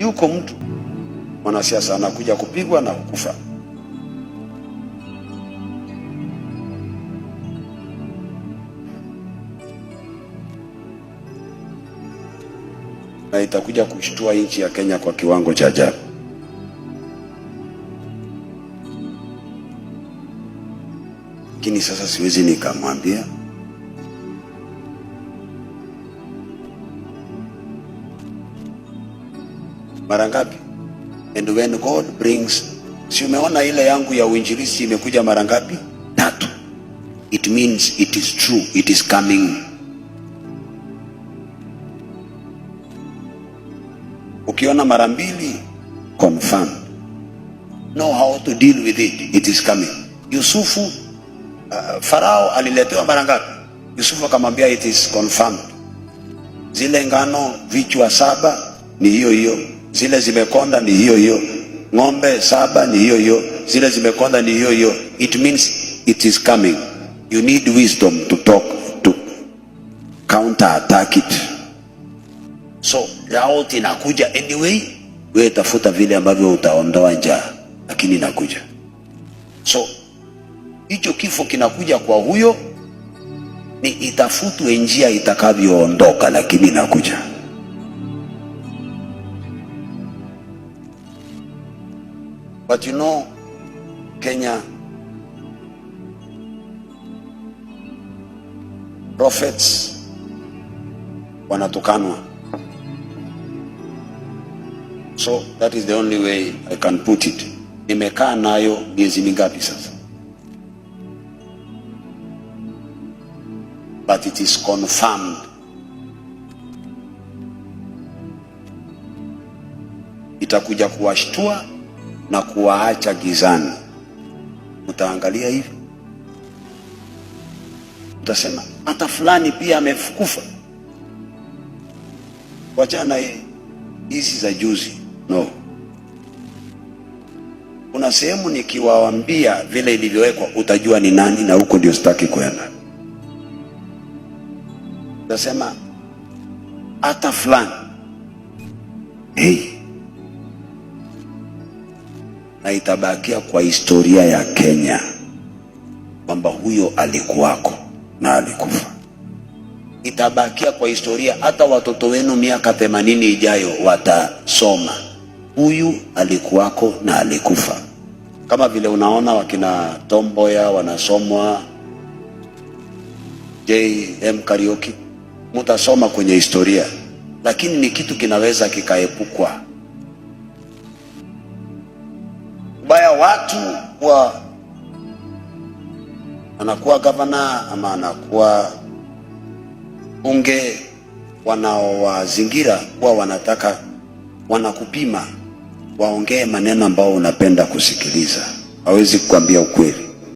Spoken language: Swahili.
Yuko mtu mwanasiasa anakuja kupigwa na kukufa. na itakuja kushtua nchi ya Kenya kwa kiwango cha ajabu. Lakini sasa siwezi nikamwambia mara ngapi? And when God brings, si umeona ile yangu ya uinjilisi imekuja mara ngapi? Tatu. It means it is true, it is coming. Ukiona mara mbili, confirm. Know how to deal with it, it is coming. Yusufu, uh, Farao aliletewa mara ngapi? Yusufu akamwambia it is confirmed. Zile ngano vichwa saba ni hiyo hiyo. Zile zimekonda ni hiyo hiyo, ng'ombe saba ni hiyo hiyo, zile zimekonda ni hiyo hiyo. It means it is coming. You need wisdom to talk to counter attack it. So drought inakuja anyway, we tafuta vile ambavyo utaondoa njaa, lakini inakuja. So hicho kifo kinakuja kwa huyo, ni itafutwe njia itakavyoondoka, lakini inakuja. But you know, Kenya, prophets wanatukanwa. So that is the only way I can put it. Nimekaa nayo miezi mingapi sasa? But it is confirmed. Itakuja kuwashtua na kuwaacha gizani, utaangalia hivi, utasema hata fulani pia amekufa. Wachana hizi za juzi, no. Kuna sehemu nikiwaambia vile ilivyowekwa utajua ni nani, na huko ndio sitaki kwenda. Utasema hata fulani hey na itabakia kwa historia ya Kenya kwamba huyo alikuwako na alikufa. Itabakia kwa historia, hata watoto wenu miaka themanini ijayo watasoma, huyu alikuwako na alikufa. Kama vile unaona wakina Tomboya wanasomwa JM Kariuki, mutasoma kwenye historia, lakini ni kitu kinaweza kikaepukwa. ubaya watu wa anakuwa gavana ama anakuwa unge wanaowazingira huwa wanataka wanakupima, waongee maneno ambao unapenda kusikiliza, hawezi kukwambia ukweli.